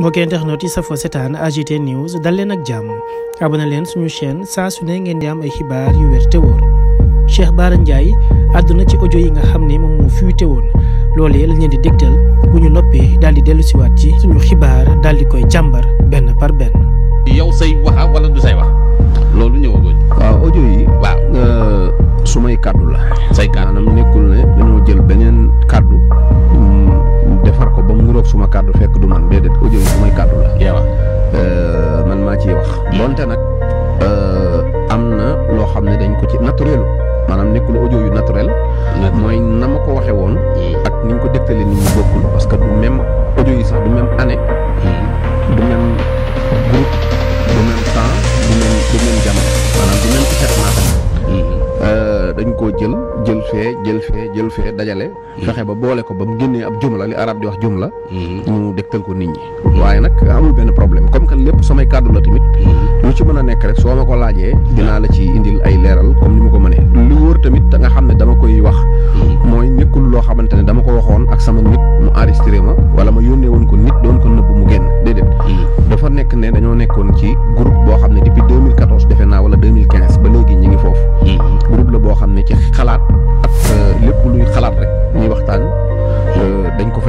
mbokki internet yi safoo setaan AGT News dal leen ak jàmm na leen suñu chaîne saa su ne ngeen di am ay xibaar yu wér te wóor Cheikh Bara Ndiaye àdduna ci audio yi nga xam ne moom moo fuité woon loolee la ñeen di dégtal bu ñu noppee daal di dellu siwaat ci suñu xibaar daal di koy jàmbar benn par benn. yow say waxa wala du say wax loolu ñëwagoo. waaw audio yi. waa euh, su may kaddu la. say kaddu maanaam nekkul ne dañoo jël beneen kàddu nuroog suma kàddu fekk du man déedéet audio yi samay kàddu la. yow euh, man maa ci wax. bonte nag euh, am na loo xam ne dañ ko ci naturel maanaam nekkul audio yu naturel. mooy na ma ko waxee dañ koo jël jël fee jël fee jël fee dajale. Hmm. fexe ba boole ko ba mu génnee ab jumla li arab di wax la hmm. mu dégtal ko nit ñi. waaye nag amul benn problème comme que lépp samay kàddu la tamit. Hmm. lu ci mën a nekk rek soo ma ko laajee. dinaa la ci indi ay leeral comme nu mu ko mënee. lu wóor tamit nga xam ne dama koy wax. mooy nekkul loo xamante ne dama ko waxoon ak sama nit mu enregistré ma wala ma yónnee woon ko nit doon ko nëbb mu génn déedéet. dafa nekk ne dañoo nekkoon ci groupe boo xam ne depuis 2014 defe naa wala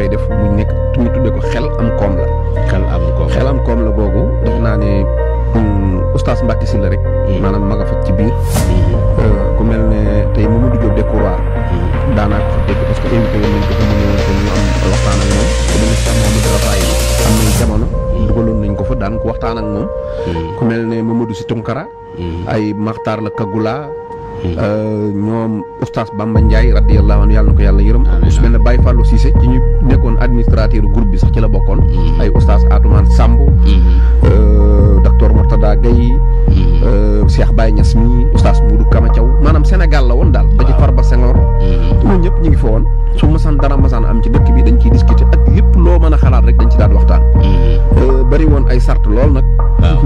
fay def mu nekk ñu tuddee ko xel am koom la. xel am koom xel am koom la googu def naa ne hmm, oustaz Mbacke Sylla rek. Hmm. maanaam ma nga ci biir. Hmm. Euh, ku mel ne tey Mamadou Diop Decroix. daanaa ko fa de parce que invité woon nañ ko fa mu ne am waxtaan ak moom. ku mel nañ ko fa daan ko waxtaan ak moom. ku mel ne Mamadou Si Tunkara. ay Maxtaar la Kagula. Euh, ñoom oustaz Bamba Ndiaye radiyallahu anhu yàlla ko yàlla bari woon ay sart lool nag.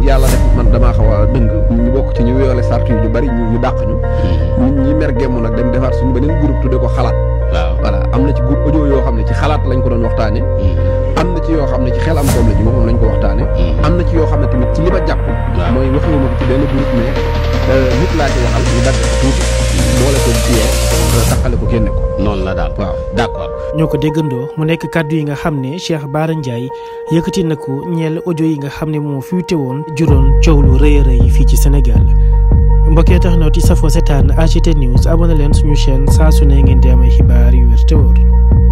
yàlla def man damaa xaw a dëng. ñu bokk ci ñu yoole sart yu ñu bari ñu ñu dàq ñu. Hmm. ñun ñi mer gemm nag dem defaat suñu beneen groupe tudde ko xalaat. waaw voilà am na ci groupe audio yoo xam ne ci xalaat lañ ko doon waxtaane hmm. am na ci yoo xam ne ci xel am koom la ji ko waxtaane hmm. am na ci yoo xam ne tamit ci li ma jàpp. mooy waxuma ko ci benn groupe mais euh, nit laa ci waxal ñu dagg tuuti. boole ko kiyee taxale ko génne ko noonu la daal waaw d'accord ñoo ko déggandoo mu nekk kàddu yi nga xam ne Cheikh Bara Ndiaye yëkkati na ko ñeel ojo yi nga xam ne moo fuite woon juróom coow lu rëy yi fii ci Sénégal mbokkee tax na ci safoo setaan AGT News abonné leen suñu chaîne saa su ne ngeen di xibaar yu wér te wóor